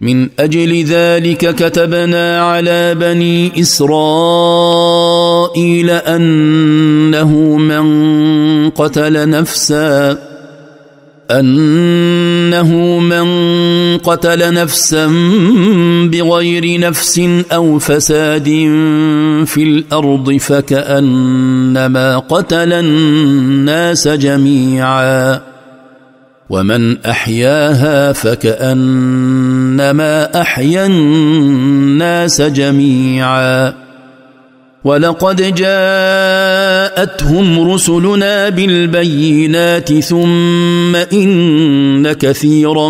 من اجل ذلك كتبنا على بني اسرائيل انه من قتل نفسا انه من قتل نفسا بغير نفس او فساد في الارض فكانما قتل الناس جميعا ومن احياها فكانما احيا الناس جميعا ولقد جاءتهم رسلنا بالبينات ثم ان كثيرا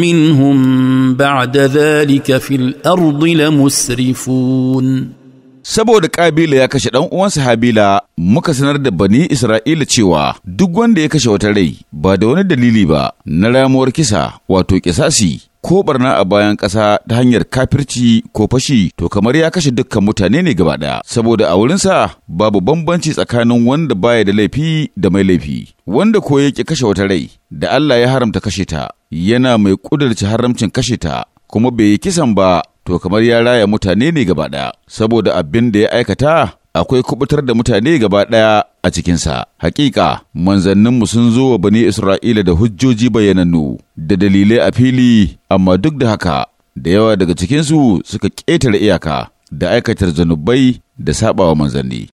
منهم بعد ذلك في الارض لمسرفون Saboda Kabila ya kashe ɗan uwansa Habila, muka sanar da bani Isra'ila cewa duk wanda ya kashe wata rai ba da wani dalili ba na ramuwar kisa wato kisasi ko barna a bayan ƙasa ta hanyar kafirci ko fashi to kamar ya kashe dukkan mutane ne gaba ɗaya saboda a wurinsa babu bambanci tsakanin wanda baya da laifi da mai laifi wanda ko yake kashe wata rai da Allah ya haramta kashe ta yana mai ƙudurci haramcin kashe ta kuma bai yi kisan ba to kamar ya raya mutane ne gaba ɗaya, saboda abin da ya aikata akwai kubutar da mutane gaba ɗaya a cikinsa. Hakika, manzanninmu sun zo wa bani Isra'ila da hujjoji bayyanannu da dalilai a fili, amma duk da haka, da yawa daga cikinsu suka ƙetare iyaka da aikatar zanubai da saɓawa manzanni.